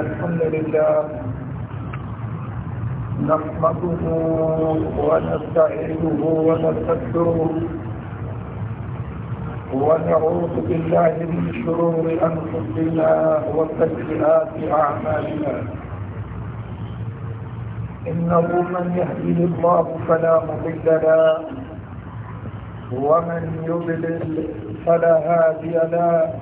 الحمد لله نحمده ونستعينه ونستغفره ونعوذ بالله من شرور انفسنا وسيئات اعمالنا انه من يهديه الله فلا مضل له ومن يضلل فلا هادي له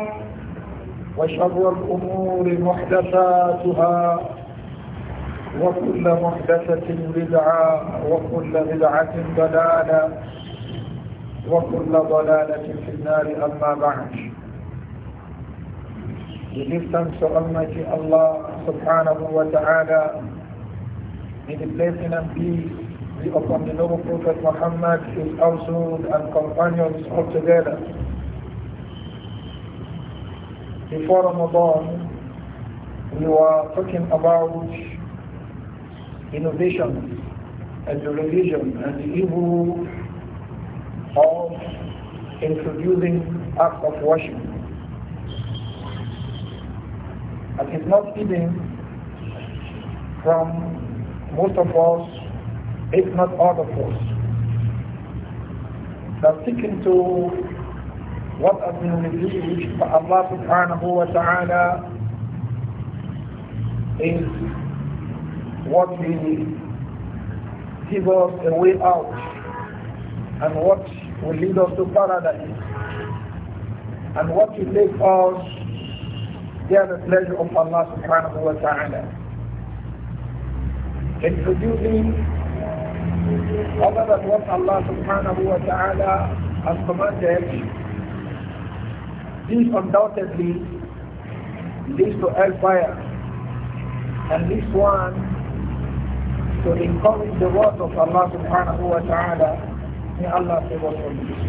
وشر الأمور محدثاتها وكل محدثة بدعة وكل بدعة ضلالة وكل ضلالة في النار أما بعد Resistance to Almighty Allah subhanahu wa ta'ala May the blessing and peace be upon the noble Prophet Muhammad, his household and companions all together before Ramadan, we were talking about innovation and the religion and the evil of introducing acts of worship. And it's not hidden from most of us, if not all of us, that sticking to وطأ من الريح فالله سبحانه وتعالى is what will give us a way out and what will lead us to paradise and what will make us get the pleasure of Allah subhanahu wa ta'ala. Introducing other than what Allah subhanahu wa ta'ala has commanded this undoubtedly leads to hellfire. And this one to encourage the word of Allah subhanahu wa ta'ala. May Allah save us from this.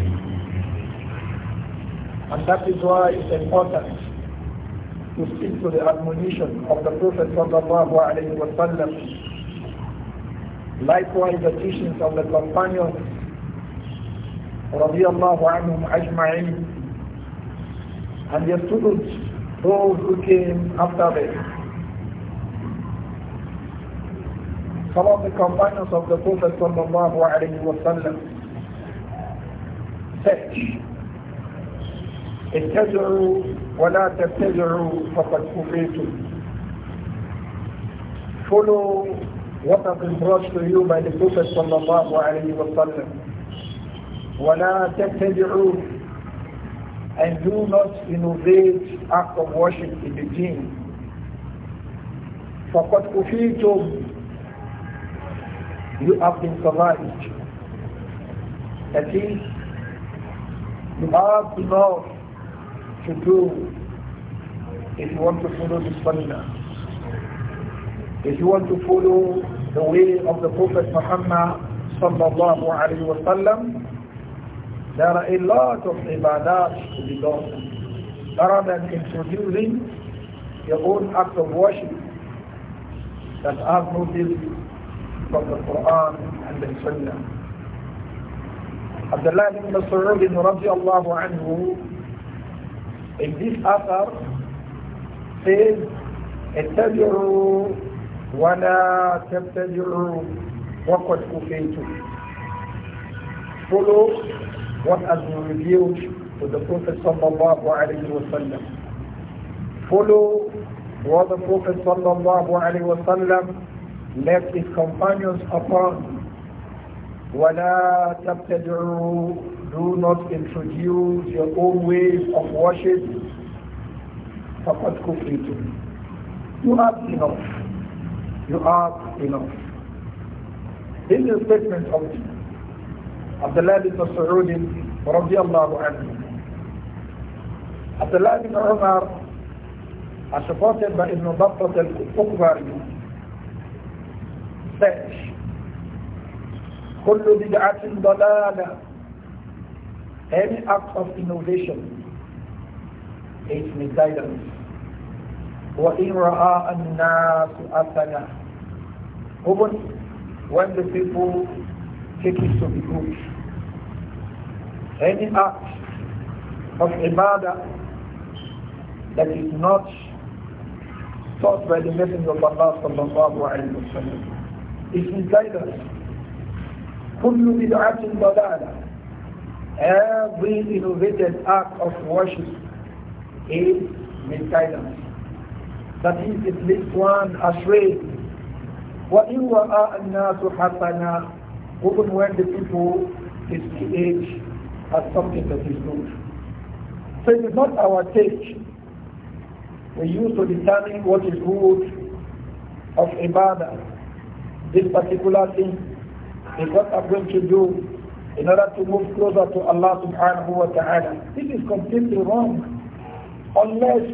And that is why it's important to stick to the admonition of the Prophet sallallahu alayhi wa sallam Likewise, the teachings of the companions رضي الله عنهم أجمعين and their students, those who came after them. Some of the companions of the Prophet sallallahu alayhi wa sallam said, اتجعوا ولا تتجعوا فقد كفيتم Follow what has been brought to you by the Prophet sallallahu alayhi wa sallam ولا تتبعوا and do not innovate act of worship in the gym. deen. فَقَدْ أُفِيتُمْ You have been survived. That is, you have enough to do if you want to follow this Sunnah. If you want to follow the way of the Prophet Muhammad sallallahu alayhi wa sallam, there are a lot of ibadat to be done. Rather than introducing your own act of worship that have rooted from the Quran and the Sunnah. Abdullah ibn Mas'ud radiallahu anhu in this author says اتبعوا ولا تبتدعوا وقد كفيتم follow what has been revealed to the Prophet sallallahu alaihi wasallam. Follow what the Prophet sallallahu alaihi wasallam left his companions upon. وَلَا تَبْتَدْعُوا Do not introduce your own ways of worship. فَقَدْ كُفْرِتُمْ You have enough. You have enough. This is a statement of Abdullah bin Mas'ud radiallahu anhu. Abdullah bin Umar, as reported by Ibn Battat al-Uqbari, said, كل بدعة ضلالة Any act of innovation is misguidance. وإن رأى الناس أَثْنَى. Even when the people take it to be good, any act of ibadah that is not taught by the Messenger of Allah sallallahu alayhi wa sallam. It will guide the كل بدعة ضلالة Every innovated act of worship is misguidance. That is, at least one astray. وَإِنْ وَآءَ النَّاسُ حَسَنًا Even when the people is the age as something that is good. So it is not our taste we use to determine what is good of ibadah. This particular thing is what I'm going to do in order to move closer to Allah subhanahu wa ta'ala. This is completely wrong unless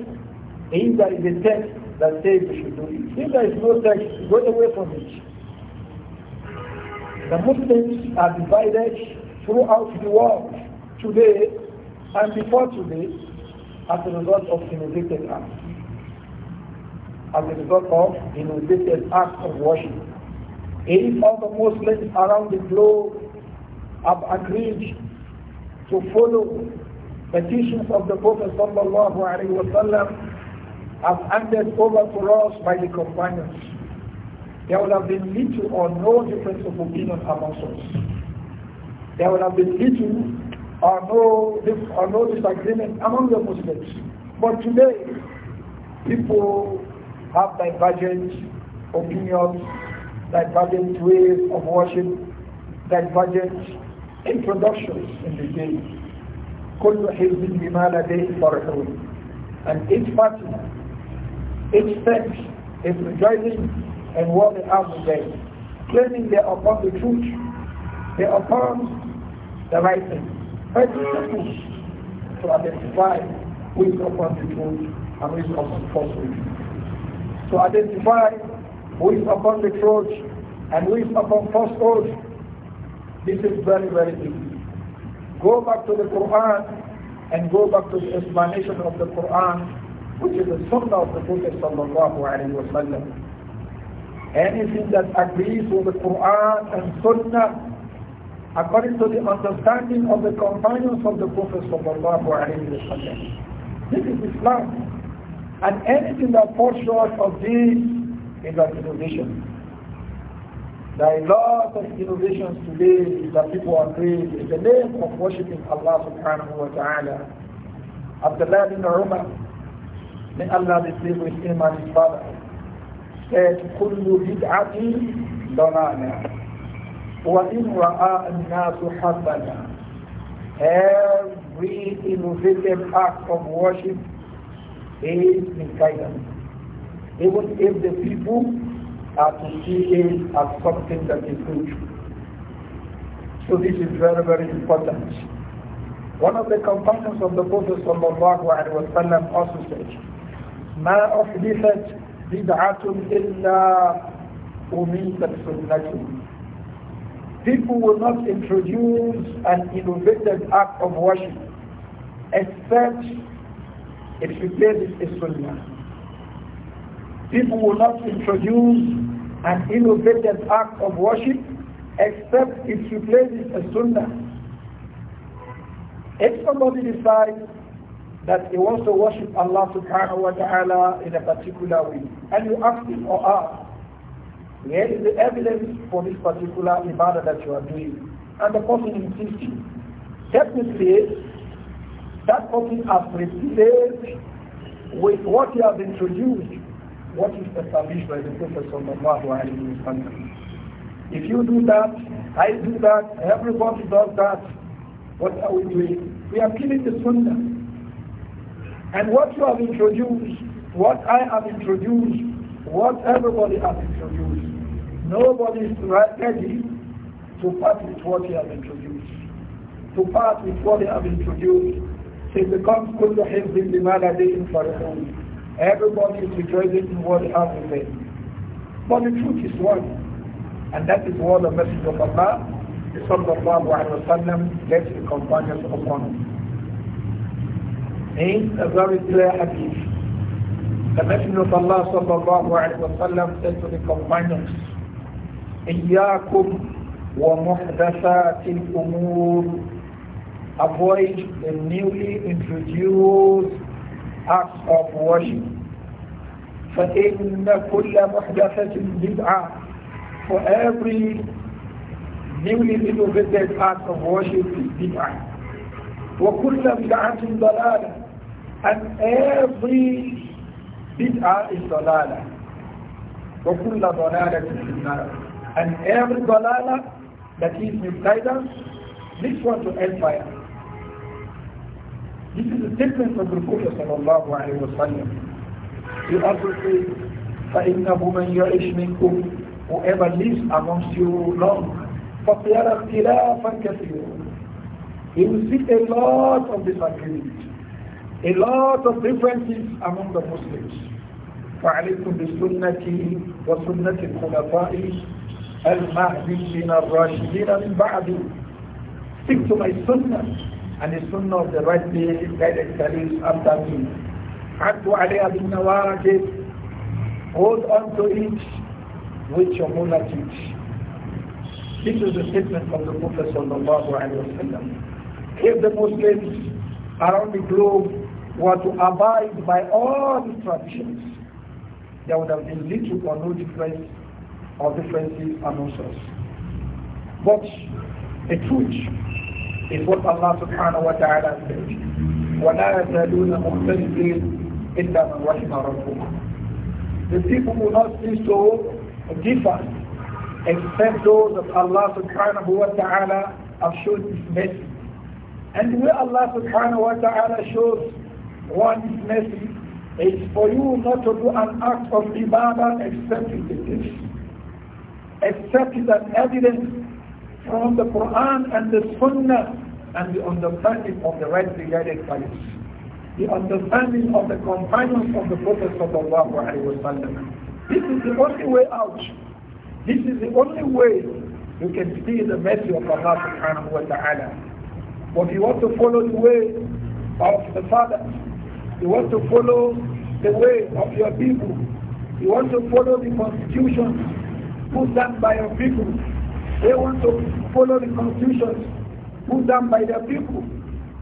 if there is a text that says you should do it. If there is no text, go away from it. The Muslims are divided throughout the world today and before today as a result of innovated acts. As a result of innovated acts of worship. Eight of the Muslims around the globe have agreed to follow the teachings of the Prophet sallallahu alaihi wasallam as handed over to us by the companions. There would have been little or no difference of opinion amongst us. There would have been little or no, or no disagreement among the Muslims. But today, people have divergent opinions, divergent ways of worship, divergent introductions in the game. كل حزب بما لديه فرحون and each party, each sect is rejoicing in what they have today, claiming they are upon the truth, they are upon the right thing very to identify who is upon the truth and who is upon falsehood. To identify who is upon the truth and who is upon falsehood, this is very, very easy. Go back to the Quran and go back to the explanation of the Quran, which is the Sunnah of the Prophet sallallahu alaihi wasallam. Anything that agrees with the Quran and Sunnah according to the understanding of the companions of the Prophet This is Islam. And anything that falls short of this is an innovation. There are a lot of innovations today that people are doing in the name of worshipping Allah subhanahu wa ta'ala. Abdullah bin Umar, may Allah be pleased with him and his father, said, كل بدعة ضلالة وَإِنْ رَأَى النَّاسُ حَسَنًا Every innovative act of worship is in guidance. Even if the people are to see it as something that is good. So this is very, very important. One of the companions of the Prophet ﷺ also said, مَا أُحْدِثَتْ بِدْعَةٌ إِلَّا أُمِيْتَ سُنَّةٌ people will not introduce an innovated act of worship except if it replaces a sunnah. People will not introduce an innovated act of worship except if it replaces a sunnah. If somebody decides that he wants to worship Allah subhanahu wa ta'ala in a particular way, and you ask him or ask. Here is the evidence for this particular ibadah that you are doing. And the person insisting. Technically, that person has replaced with what you have introduced, what is established by the Prophet Sallallahu Alaihi Wasallam. If you do that, I do that, everybody does that, what are we doing? We are killing the Sunnah. And what you have introduced, what I have introduced, what everybody has introduced, Nobody is ready to part with what he has introduced. To part with what he has introduced, it becomes good to have the demand for the home. Everybody is rejoicing in what they have to But the truth is one. And that is what the message of Allah, the Sallallahu Alaihi Wasallam, to the companions upon. In a very clear hadith, the Messenger of Allah Sallallahu Alaihi Wasallam said to the companions, إياكم ومحدثات الأمور avoid the newly introduced acts of worship فإن كل محدثة بدعة for every newly innovated act of worship is بدعة وكل بدعة ضلالة and every بدعة is ضلالة وكل ضلالة في النار and every dalala that is misguidance this one to empire. This is the statement of the Prophet sallallahu alayhi wa sallam. He also says, فَإِنَّهُ مَنْ يَعِشْ مِنْكُمْ Whoever lives amongst you long, فَقْيَرَ اخْتِلَافًا كَثِيرًا He will see a lot of disagreement, a lot of differences among the Muslims. فعليكم بسنتي وسنة الخلفاء المهدي من الراشدين من بعد stick to my sunnah and the sunnah of the right day guided Khalif after me عدوا عليها بالنواجد hold on to it with your mullah teach this is the statement of the Prophet sallallahu alayhi wa sallam if the Muslims around the globe were to abide by all the traditions there would have been little or no difference or differences amongst us. But the truth is what Allah subhanahu wa ta'ala said. وَلَا يَزَالُونَ مُخْتَلِفِينَ إِلَّا مَنْ رَحِمَ رَبُّكَ The people will not cease to differ except those of Allah subhanahu wa ta'ala have shown His mercy. And where Allah subhanahu wa ta'ala shows one His mercy, it's for you not to do an act of ibadah except in this except it evidence from the Quran and the Sunnah and the understanding of the right guided Caliphs, the understanding of the companions of the Prophet sallallahu alaihi wasallam. This is the only way out. This is the only way you can see the mercy of Allah subhanahu wa ta'ala. But you want to follow the way of the fathers. You want to follow the way of your people. You want to follow the constitution put down by your people. They want to follow the constitutions put down by their people.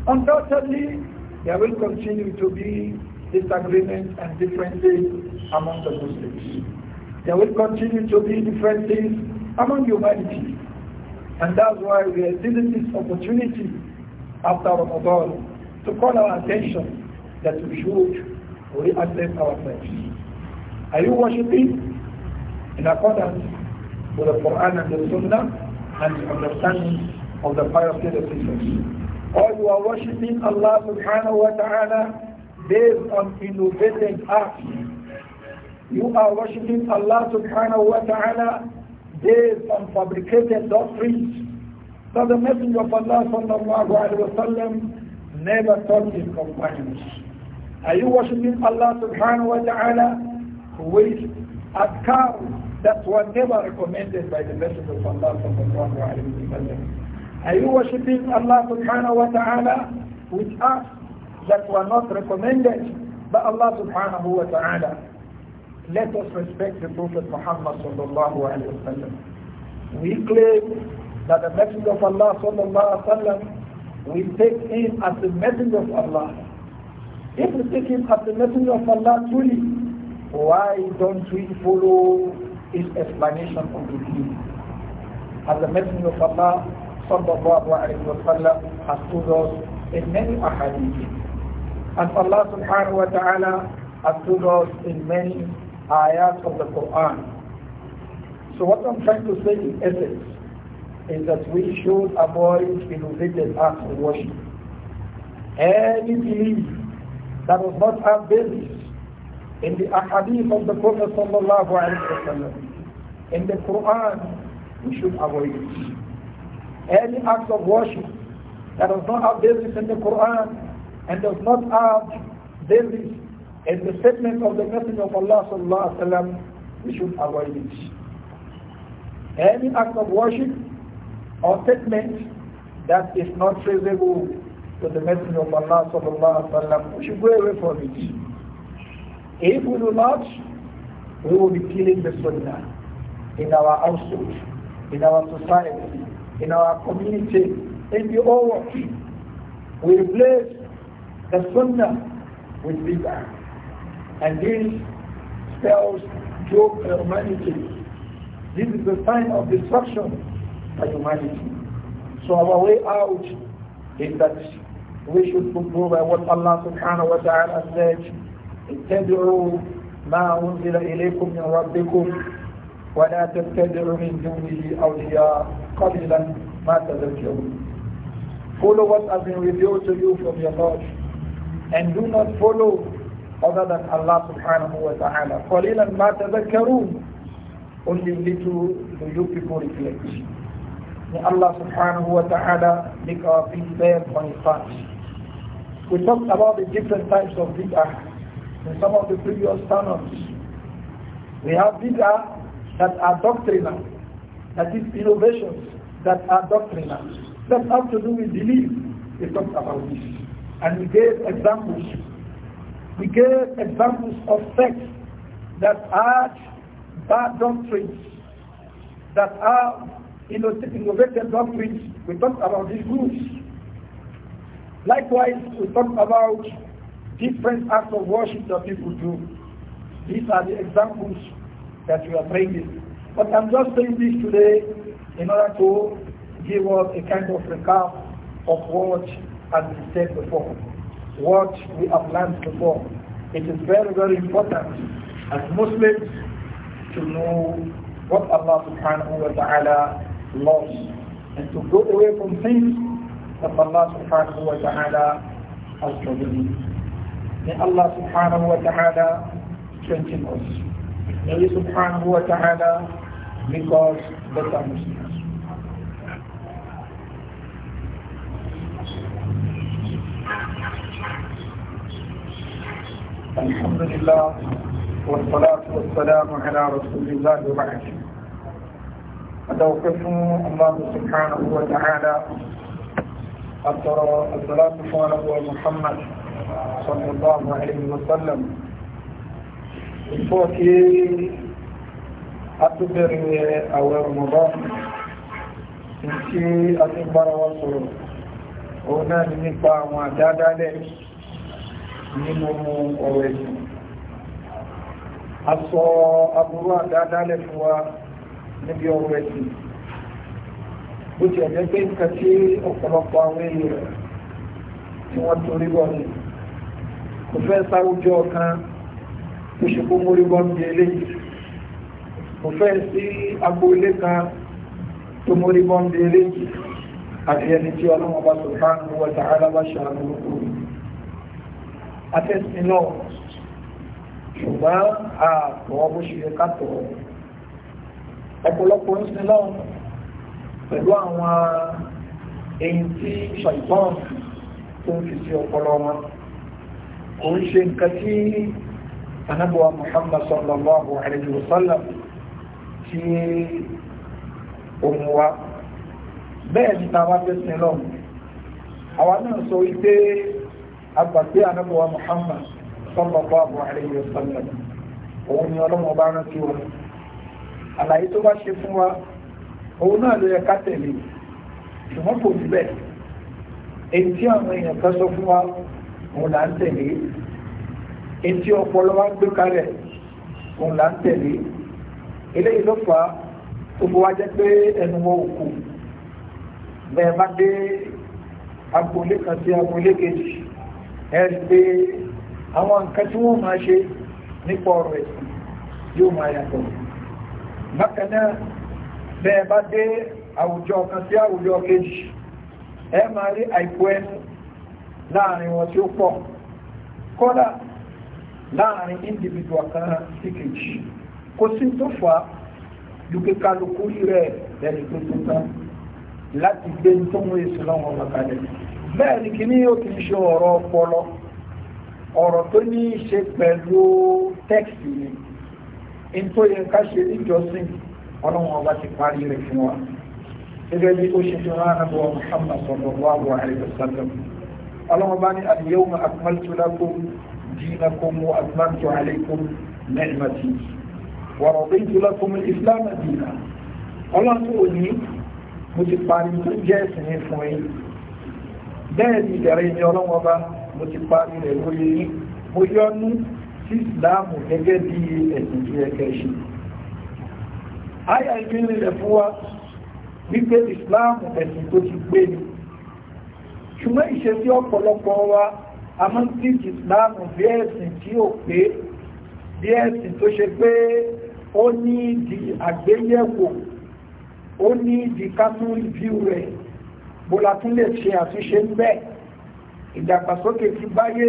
Undoubtedly, there will continue to be disagreements and differences among the Muslims. There will continue to be differences among humanity. And that's why we are seizing this opportunity after Ramadan to call our attention that we should reassess ourselves. Are you worshipping in accordance with the Quran and the Sunnah and the understanding of the pious predecessors. Or you are worshipping Allah subhanahu wa ta'ala based on innovating acts. You are worshipping Allah subhanahu wa ta'ala based on fabricated doctrines. So the Messenger of Allah sallallahu alayhi wa sallam never taught his companions. Are you worshipping Allah subhanahu wa ta'ala with adkar that's what never recommended by the Messenger of Allah sallallahu alayhi wa Are you worshipping Allah subhanahu wa ta'ala with acts that were not recommended by Allah subhanahu wa ta'ala? Let us respect the Prophet Muhammad sallallahu alayhi wa sallam. We claim that the Messenger of Allah sallallahu alayhi wa sallam, we take him as the Messenger of Allah. If we take him as the Messenger of Allah truly, why don't we follow his explanation of the deen. As the Messenger of Allah sallallahu alayhi wa sallam has told us in many ahadith. And Allah subhanahu wa ta'ala has told us in many ayahs of the Quran. So what I'm trying to say in essence is that we should avoid innovative acts of worship. Any belief that does not have basis in the ahadith of the Prophet sallallahu alaihi wasallam, in the Quran, we should avoid it. Any act of worship that does not have basis in the Quran and does not have basis in the statement of the Messenger of Allah sallallahu alaihi wasallam, we should avoid it. Any act of worship or statement that is not traceable to the Messenger of Allah sallallahu alaihi wasallam, we should go away from it. If we do not, we will be killing the sunnah in our household, in our society, in our community, in the whole world. We replace the sunnah with bigger, And this spells joke humanity. This is the sign of destruction by humanity. So our way out is that we should go by what Allah subhanahu wa ta'ala said اتبعوا ما أنزل إليكم من ربكم ولا تتبعوا من دونه أولياء قليلا ما تذكرون Follow what has been revealed to you from your Lord and do not follow other than Allah subhanahu wa ta'ala. قليلا ما تذكرون Only little do you people reflect. May Allah subhanahu wa ta'ala make our feet firm on his heart. We talked about the different types of bid'ah in some of the previous sermons. We have bid'ah that are doctrinal, that is innovations that are doctrinal, that have to do with belief. We talked about this. And we gave examples. We gave examples of sects that are bad doctrines, that are innovative doctrines. We talked about these groups. Likewise, we talked about different acts of worship that people do. These are the examples that we are bringing. But I'm just saying this today in order to give us a kind of recap of what has been said before, what we have learned before. It is very, very important as Muslims to know what Allah subhanahu wa ta'ala loves and to go away from things that Allah subhanahu wa ta'ala has forbidden. من الله سبحانه وتعالى continues. May subhanahu wa ta'ala because better الحمد لله والصلاة والسلام على رسول الله وبعد أتوقف الله سبحانه وتعالى أترى الصلاة والسلام على محمد صلى الله عليه وسلم الفوكي أتبر أو رمضان إنتي أتبر وصر هنا نبقى معدادا لك nínú ọ̀rọ̀ ẹ̀sìn aṣọ aburú àdádálẹ̀ fún wa níbi ọ̀rọ̀ ẹ̀sìn bó ti ẹ̀jẹ́ pé nǹkan tí ọ̀pọ̀lọpọ̀ àwọn èèyàn tí kò fẹ́ sáwùjọ kan kò ṣe kó mórí bọ́ bí eléyìí kò fẹ́ sí agboolé kan tó mórí bọ́ bí eléyìí àti ẹni tí ọlọ́wọ́n bá subhanahu wa ta'ala bá ṣàánú lóko atẹ́sìn náà ṣùgbọ́n àtọ̀ bó ṣe yẹ ká tọ̀ ọ̀pọ̀lọpọ̀ ń sin náà pẹ̀lú àwọn èyí tí ṣàìtàn tó ń fi sí ọpọlọ wọn. kò ń ṣe nǹkan Muhammad sallallahu alayhi wa sallam tí òun wa bẹ́ẹ̀ ni ta wá fẹ́ Muhammad sallallahu alayhi wa sallam òun ni ọlọ́mọ bá wa àlàyé tó bá ṣe fún wa òun náà ló yẹ ká òun là ń tẹ̀lé etí ọpọlọ wa ń gbé kalẹ̀ òun là ń tẹ̀lé eléyìí ló fà á tó fi wá jẹ́ pé ẹnu wọn ò kù bẹ́ẹ̀ bá dé agboolé kan sí agboolé kejì ẹ rí pé àwọn nǹkan tí wọ́n máa ṣe nípa ọ̀rọ̀ ẹ̀sìn yóò máa yàtọ̀ bákan náà bẹ́ẹ̀ bá dé àwùjọ kan sí àwùjọ kejì ẹ máa rí àìkú ẹnu láàrin wọn tí ó pọ̀ kódà láàrin individual kan sí kejì kò sí tó fà á dùkẹ́ kálukú rẹ̀ lẹ́ni tó tó tán láti gbé tó ń èsì lọ́wọ́ ọmọkalẹ̀ bẹ́ẹ̀ ni kí ní ó ti ṣe ọ̀rọ̀ ọpọlọ ọ̀rọ̀ tó ní í ṣe pẹ̀lú tẹ́kìtì ni in tó yẹ ká ṣe níjọsìn ọlọ́run ọba ti parí rẹ̀ fún wa gẹ́gẹ́ bí ó ṣe fi rán àbọ̀ Muhammad sallallahu alaihi wasallam ọlọ́mọba ní al-yawma akmaltu lakum dinakum wa atmamtu alaykum ni'mati wa raditu lakum al-islam dina ọlọ́run tó ní mo ti parí tó jẹ́ ẹ̀sìn ní fún yín bẹ́ẹ̀ ni ìdẹ̀rẹ̀ ni ọlọ́mọba mo ti parí rẹ̀ lórí yín mo yọ́nú sí ìsìláàmù gẹ́gẹ́ bí ẹ̀sìn tó yẹ kẹ́ ṣe àyà ìpínlẹ̀ fún wa wípé ìsìláàmù ẹ̀sìn tó ti gbé ni ṣùgbọ́n ìṣesí ọ̀pọ̀lọpọ̀ wa a mọ́ sí ìsìláàmù bí ẹ̀sìn tí ó pé bí ẹ̀sìn tó ṣe pé ó ní ìdí àgbéyẹ̀wò ó ní ìdí kásún ìbí rẹ̀ bóla tún lè ṣe àtúnṣe ń bẹ́ẹ̀ ìdàgbàsókè ti báyé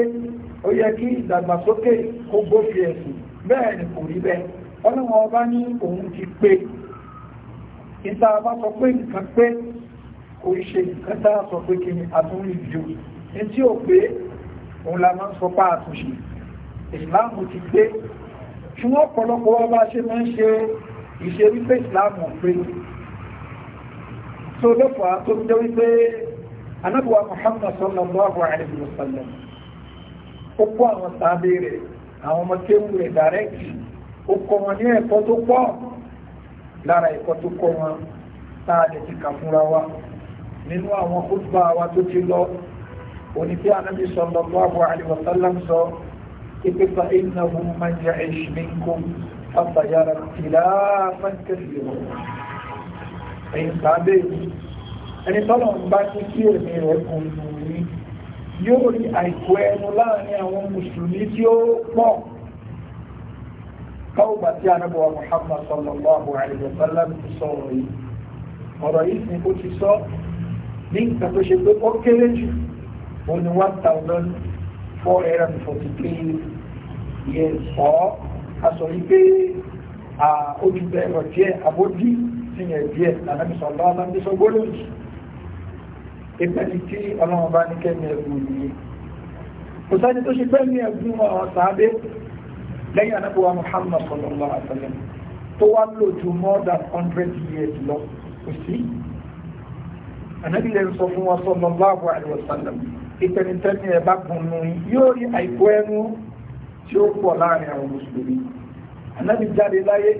ó yẹ kí ìdàgbàsókè kó gbófin ẹ̀sìn bẹ́ẹ̀ ni kò rí bẹ́ẹ̀ ọlọ́wọ́n ọba ní òun ti pé ìta bá sọ pé nǹkan pé kò ṣe nǹkan tá a sọ pé kí ni àtún rìvíw ní tí ò pé òun la máa ń sọ pa àtúnṣe ìsìláàmù ti pé ṣùgbọ́n ọ̀pọ̀lọpọ̀ wa bá ṣe máa ń ṣe ìṣe wípé ìsìláàmù pé tó lọ́pàá tó ń jẹ́ wípé anábùwà Muhammad sallallahu alaihi wa sallam ó kó àwọn sáábé rẹ̀ àwọn ọmọ kéwù rẹ̀ dàrẹ́kì ó kọ́ wọn ní ẹ̀kọ́ tó pọ̀ lára ẹ̀kọ́ tó kọ́ wọn táà lè ti kà fúnra wa nínú àwọn kútbà wa tó ti lọ òní bí anábì sallallahu alaihi wa sallam sọ ìpípa innahu man ya'ish minkum fàtàyàrá tìlá fàǹkẹ́sì rọ̀ ẹ̀yìn sábẹ́ ẹni tọ́lọ̀ ń bá tí ó pọ̀ kọ́ọ̀bà Muhammad sallallahu alaihi wa sallam ti sọ̀rọ̀ yìí ọ̀rọ̀ yìí ni ó ti sọ ní nǹkan tó ṣe pé ó kéré jù ó ní one thousand four hundred and forty three years ọ́ aṣọ yìí pé ojú bẹ́ẹ̀ rọ̀ díẹ̀ àbójú sí yẹn díẹ̀ lànàmì sọ̀rọ̀ lànàmì sọ gbọ́dọ̀ jù ìpẹ́ni tí ọlọ́run bá ní kẹ́mi ẹ̀gbùn nìyí kò sáyé tó ṣe pẹ́mi ẹ̀gbùn àwọn sàábé lẹ́yìn anábíwá Muhammad sallallahu alaihi wasallam tó wá lò more than hundred years lọ kò sí ànábì lè sọ fún wọn sallallahu alaihi wasallam ìtẹnitẹni ẹ̀ bá gùn nù yóò rí àìkú ẹnu tí ó pọ̀ láàrin àwọn mùsùlùmí ànábì jáde láyé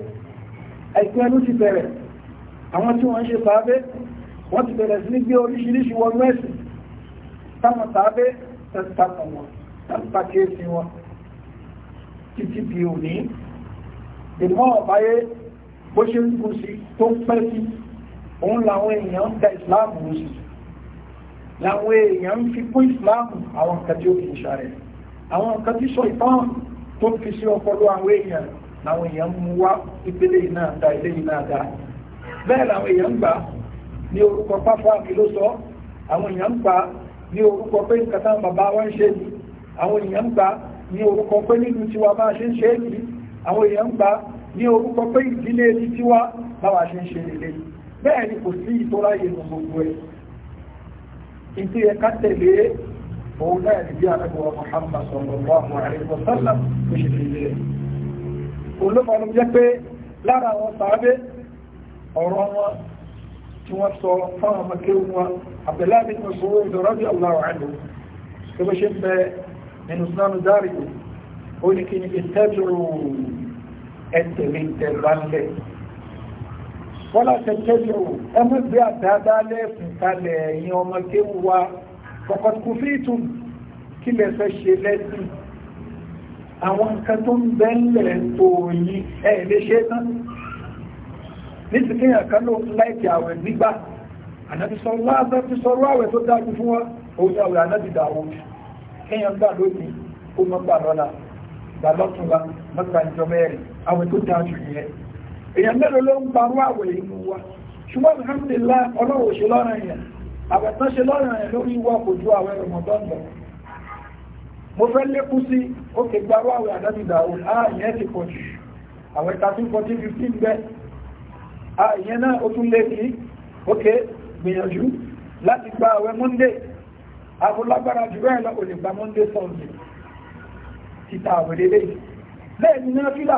àìkú ẹnu ti bẹ̀rẹ̀ àwọn tí wọ́n ń ṣe sàábé wọ́n ti bẹ̀rẹ̀ sí ní gbé oríṣiríṣi wọn mẹ́sìn táwọn sàábé tẹ́tàkùn wọn tàbíkàkíyèsí wọn títí di òní ìmọ̀ ọ̀báyé bó ṣe ń kú sí tó ń pẹ́ sí òun làwọn èèyàn ń da islam mú sí làwọn èèyàn ń fi kún islam àwọn nǹkan tí ó fi ṣàrẹ̀ àwọn nǹkan tí sọ ìtàn tó fi sí ọpọlọ àwọn èèyàn làwọn èèyàn mú wá ìpele iná àdá ilé iná àdá bẹ́ẹ̀ làwọn èèyàn ń gbà ní orúkọ pápá ló sọ àwọn èèyàn ń gbà ní orúkọ pé nǹkan táwọn bàbá wa ń ṣe ni àwọn èèyàn ń gbà ní orúkọ pé nínú tiwa bá ṣe ń ṣe é ni àwọn èèyàn ń gbà ní orúkọ pé ìdílé ti tiwa báwa ṣe ń ṣe lélẹ́yìn bẹ́ẹ̀ ni kò sí ìtọ́lá ìlú gbogbo ẹ̀ ìdí ẹ̀ka tẹ̀lé òun náà ní bí àtẹ́gbọ̀rọ̀ Muhammad sallallahu alaihi wa sallam ló ṣe fi lé olófàánú jẹ́ pé lára àwọn sàábé ọ̀rọ̀ wọn tí wọ́n sọ fáwọn ọmọkéwù wọn àbẹ̀láàbí ní oṣù ìdọ̀rọ̀bí aláwọ̀ wọ́lá tẹ̀tẹ̀lẹ̀ o ẹmú gbé àdáadá lẹ́ẹ̀fún kalẹ̀ ẹ̀yìn ọmọ kéwù wa kọ̀kọ̀tù fi tún kí lẹ fẹ́ ṣe lẹ́sìn àwọn nǹkan tó ń bẹ́ńlẹ̀ tó yín ẹ̀ lè ṣe tán ní ti kéèyàn kan ló láìkì àwẹ̀ gbígbà ànábi sọ̀rọ̀ àwẹ̀ tó dájú fún wa òun ni àwẹ̀ ànábi dàwọ̀ kéèyàn gbà lónìí ó mọ́ èèyàn mẹ́rin ló ń parú àwẹ̀ inú wa ṣùgbọ́n alhamdulillah ọlọ́wọ̀ ṣe lọ́rọ̀ yẹn àbẹ̀tán ṣe lọ́rọ̀ yẹn lórí wa kò ju àwẹ̀ Ramadan lọ mo fẹ́ lékún sí ó kè gbarú àwẹ̀ àdánidà òun á ìyẹn ti pọ̀ jù àwẹ̀ 13 14 15 ókè gbìyànjú àwẹ̀ Monday agbólágbára jù bẹ́ẹ̀ lọ kò Monday Sunday títà àwẹ̀ lélẹ́yìn lẹ́yìn náà fílà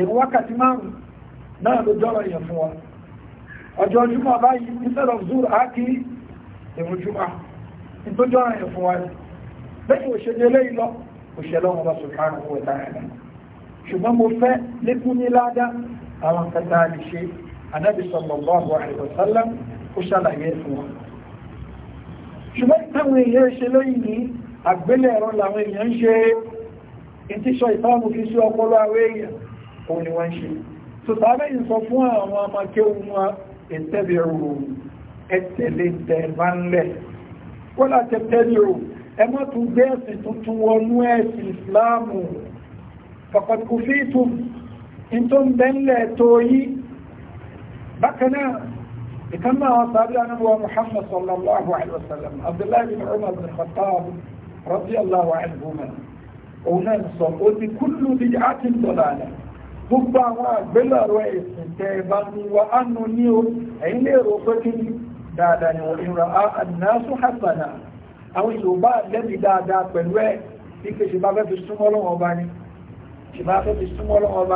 èrò wákàtí márùn-ún náà ló jọ́rọ̀ yẹn fún wa ọjọ́ jùmọ̀ báyìí instead of zuru ákí ìrùn jùmọ̀ ní tó jọ́rọ̀ yẹn fún wa lẹ́yìn òṣèlú eléyìí lọ òṣèlú ọmọ bá sùkárù owó ẹ̀dá ẹ̀dá ṣùgbọ́n mo fẹ́ lékún ní ládá àwọn kẹta lè ṣe anábì sallallahu alaihi wasallam ó ṣàlàyé fún wa sí ọpọlọ àwọn èèyàn òun ni wọ́n ń ṣe so sáré yìí sọ fún àwọn amáké ohun ẹ̀tẹ́bẹ̀ ọ̀rọ̀ ẹ̀tẹ̀lẹ̀ tẹ̀bánlẹ̀ kó láti tẹ́lẹ̀ o ẹ má tún gbé ẹ̀sìn tuntun wọnú ẹ̀sìn ìsìláàmù pàpàkù fíìtù in tó ń bẹ́ńlẹ̀ tó yí bákanáà ìkànnà àwọn sáré gbogbo àwọn àgbélọ̀rọ̀ ẹ̀sìn tẹ́ bá ní wa ánú ní o ẹ̀yìn lè rò pé kí dáadáa ni wọ́n ìrọ̀ àdínásù hasana àwọn yorùbá lẹ́bi dáadáa pẹ̀lú ẹ̀ bí fi bá fẹ́ fi súnmọ́ lọ́wọ́ fẹ́ fi súnmọ́ lọ́wọ́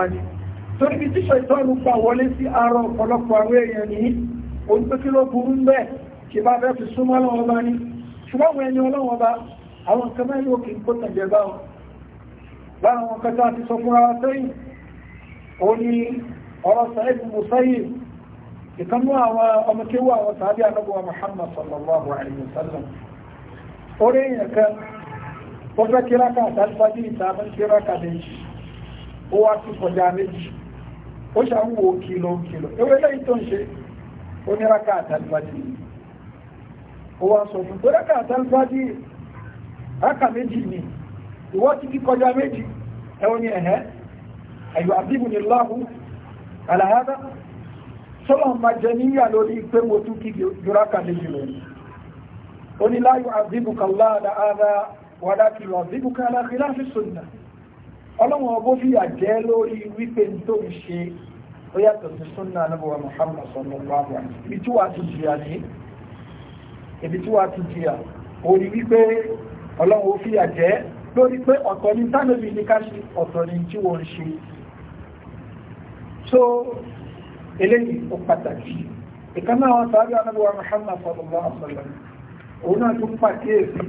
bá ó ní ọ̀rọ̀ sàíbù musayyib ìkanú àwọn ọmọkéwà àwọn muhammad sallallahu alaihi wasallam ó rí èèyàn kan ó fẹ́ kíráka àtàlùfájì ìtàbí kíráka méjì ó wá sí kọjá méjì ó ṣàwúwo kìlọ̀ ewe ewé tó ń ṣe ó ní o àtàlùfájì sọ fún pé ráka àtàlùfájì ráka ni ti kọjá ni ayu'adhibuni Allahu ala hadha sọ́lọ̀ ma jẹ níyà lórí pé mo tún kí jùráka méjì lọ ó ní láyò àdìbùkà láàdá ara wàdá kí lọ àdìbùkà aláàkílá fi sùnnà ọlọ́wọ́n ọgbó fi àjẹ́ lórí wípé tó ń ṣe ó yàtọ̀ sí sùnnà anábọ̀wà Muhammad sallallahu lórí pé ọ̀tọ̀ ní tánàbí ní ká ọ̀tọ̀ ní tí wọ́n ń ṣe so eléyìí ó pàtàkì ìkan náà wọn sáré anábíwá Muhammad sallallahu alaihi wa sallam òun náà tún pàkíyèsí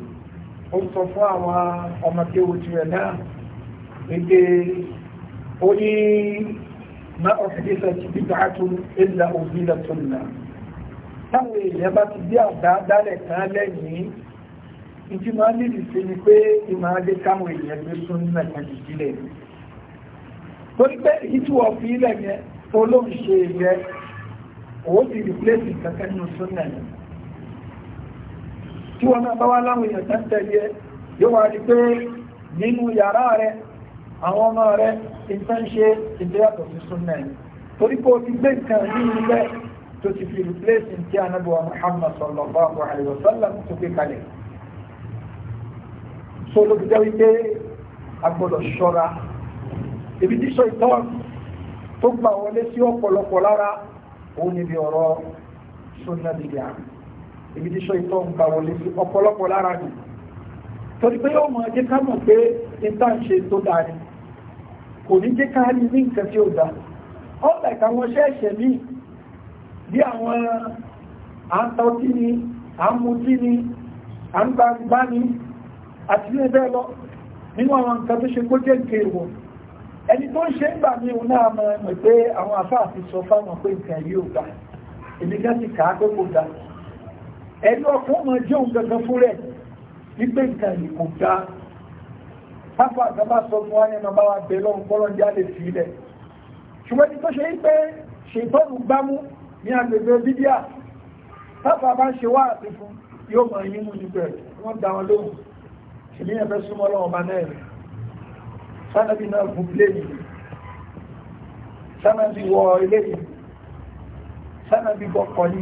ó sọ fún àwọn ọmọ tí ó ti rẹ̀ náà wípé ó ní má ọ̀fìdíṣẹ́ ti bí dàátún ilẹ̀ òbílẹ̀ tó nà táwọn èèyàn bá ti bí àdá dálẹ̀ kan lẹ́yìn ìjì máa nílì sí ni pé ìmọ̀ adé káwọn èèyàn gbé sún nílẹ̀ kan jù torí pé ìtú ọ̀fí ilẹ̀ yẹn olóhùn ṣe yẹ owó ti replace kankan nínú súnà yẹn tí wọn náà bá wá láwọn èèyàn tán tẹ̀lé yóò wá rí pé nínú yàrá rẹ àwọn ọmọ rẹ ìtàn ṣe ìdíyàtọ̀ sí súnà yẹn torí pé o ti gbé nǹkan ní ilẹ̀ tó ti fi replace tí Ànábì wa Muhammad sallallahu alayhi wa sallam tó gbé kalẹ̀ so ló jẹ́ wípé a ṣọ́ra ibi tí ṣètọ́n tó gbà wọlé sí ọ̀pọ̀lọpọ̀ lára òun níbi ọ̀rọ̀ sunna bìdíà ibi tí ṣètọ́n gbà wọlé sí ọ̀pọ̀lọpọ̀ lára nì torí pé yóò máa jẹ́ ká mọ̀ pé níta ń ṣe tó dáa ni kò ní jẹ́ ká ní ní nǹkan tí ó dáa ọ̀pẹ̀ káwọn ṣẹ́ẹ̀ṣẹ̀ míì bí àwọn àtọ́tí ni àmútí ni àǹgbàǹgbá ni àti ní ẹgbẹ́ lọ nínú àwọn nǹkan tó ṣe kó jẹ́ nǹkan èèwọ̀ ẹni tó ń ṣe ń gbà ní òun náà mọ̀ ẹ̀mọ̀ pé àwọn àfáà ti sọ fáwọn pé nǹkan yìí ò gbà èmi kan ti kàá pé kò dá ẹni ọkùnrin mọ̀ jẹ́ òun gangan fún rẹ̀ wípé nǹkan yìí kò dá pápá àgbàbá sọ fún wọn ní ọmọ wa bẹ̀ lọ́run kọ́lọ́ ní alẹ́ ṣe ní agbègbè súnmọ́ lọ́wọ́ bá náà sánàbí náà gùn lé yìí sánàbí wọ ilé yìí sánàbí gbọ́kọ̀ ní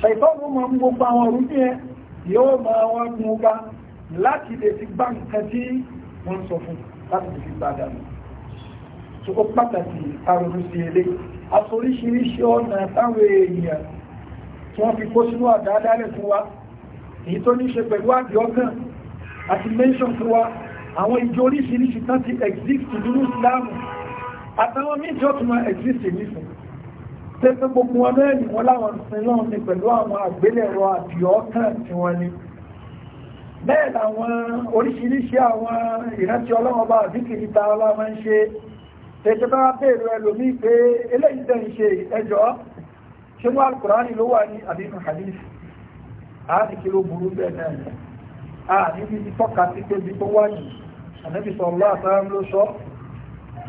ṣàìtọ́nù ma ń gbogbo àwọn orúkẹ́ ẹ yóò ma wọ́n mú bá láti lè fi gbá nǹkan tí wọ́n sọ fún láti lè fi gbá dànù tó ó pàtàkì àrùn sí ilé asoríṣiríṣi ọ̀nà táwọn èèyàn tí wọ́n fi kó sínú àdáadáa rẹ̀ fún wa èyí tó ní ṣe pẹ̀lú àdìọ́gàn àti mẹ́ṣọ̀n fún wa àwọn ìjọ oríṣiríṣi tán ti exist nínú islamu àtàwọn méjì ọ̀tún máa exist nífẹ̀ẹ́ tẹ́fẹ́ gbogbo wọn náà ni wọ́n láwọn sinlọ́n ni pẹ̀lú àwọn àgbélẹ̀rọ àdìọ́kàn tí wọ́n ní bẹ́ẹ̀ làwọn oríṣiríṣi àwọn ìrántí ọlọ́mọba àdíkìrí ta ọlá máa ń ṣe tẹ́jọ́ bá bèèrè ẹlòmí pé eléyìí tẹ́ ń ṣe ẹjọ́ ṣe wọ́n alkùránì ló wà ní àdínú hadith tọ́ka sí pé bí tó wáyìí ànábì sallallahu alaihi wasallam ló sọ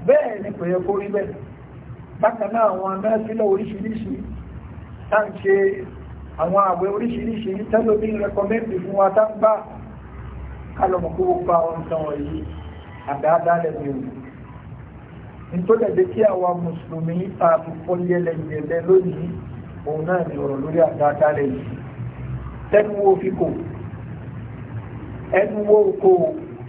bẹ́ẹ̀ ni kò yẹ kó rí bẹ́ẹ̀ bákan náà àwọn anáṣílẹ̀ oríṣiríṣi tá ń ṣe àwọn àwẹ̀ oríṣiríṣi tẹ́lómi rẹkọmẹ́ndì fún wa tá ń bá kálọ̀mọ̀ kó gbogbo àwọn nǹkan wọ̀nyí àdáadáa lẹ́nu ìlú nítorí ẹ̀dẹ́ kí àwa ẹnu wo kò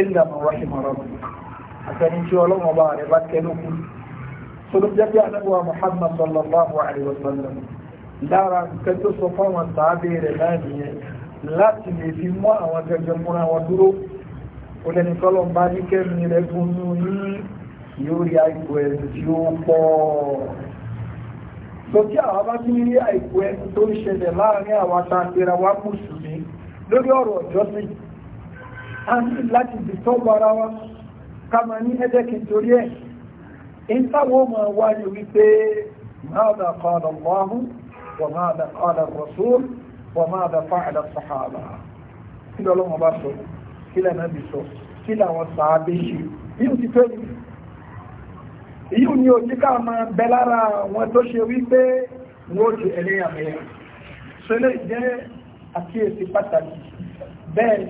illa man rahima rabbuk àtẹni tí ọlọ́run ọba rẹ̀ bá kẹlókù sódò jẹ́ bí anábíwá muhammad sallallahu alayhi wa sallam lára nǹkan tó sọ fáwọn sàábé rẹ̀ náà nìyẹn láti lè fi mú àwọn akẹjọ múra wọn dúró ó lẹni tọ́lọ̀ ń bá ní kẹ́mi rẹ̀ gúnnú ní yóò rí àìkú ẹ̀ tí ó pọ̀ lókè àwọn bá tún rí àìkú ẹ̀ tó ń ṣẹlẹ̀ láàrin àwọn aṣáájú ra wá mùsùlùmí lórí ọ̀rọ̀ ìjọsìn a ní láti dìtọ́bù ara wa ká máa ní ẹ̀dẹ́kì torí ẹ̀ ń táwọn ọmọ wa ni wípé ماذا قال الله وماذا قال الرسول وماذا فعل الصحابة kí lọ́lọ́mọ bá sọ kí lẹ́nàbí sọ kí làwọn máa bẹ wọ́n ti ẹlẹ́yàmẹ́yà sọlẹ̀ jẹ́ àkíyèsí pàtàkì bẹ́ẹ̀ ni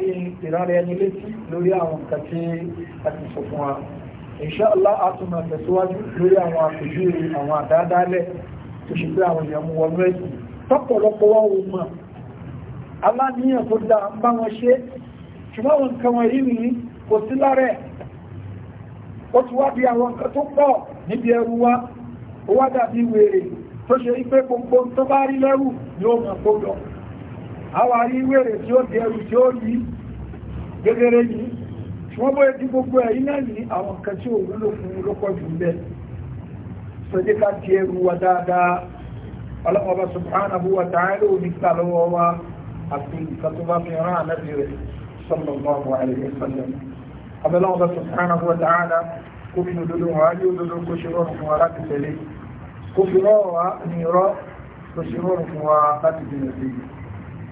ìrànlẹ̀ ẹni létí lórí àwọn nǹkan tí a ti sọ fún wa inshallah àtúnmọ̀ tẹ̀síwájú lórí àwọn àpèjú àwọn àdáadáalẹ̀ tó ṣe pé àwọn èèyàn mú wọnú ẹ̀sìn tọ́pọ̀lọpọ̀ wá wo mọ̀ aláníyàn tó dáa ń bá wọn ṣe ṣùgbọ́n àwọn nǹkan wọn yìí nìyí àwárí wèrè tí ó ti ẹrù tí ó yí gẹ́gẹ́rẹ́ yìí wọ́n bóyá tí gbogbo ẹ̀ iná ní àwọn kan tí ò wúlò fún lọ́pọ̀ jù ń bẹ́ sọdí ká ti ẹrù wa dáadáa ọlọ́pàá subhanahu wa ta'ala ò ní ká lọ́wọ́ wa àti nǹkan tó bá fi rán rọrùn fún wa láti tẹ̀lé kó fi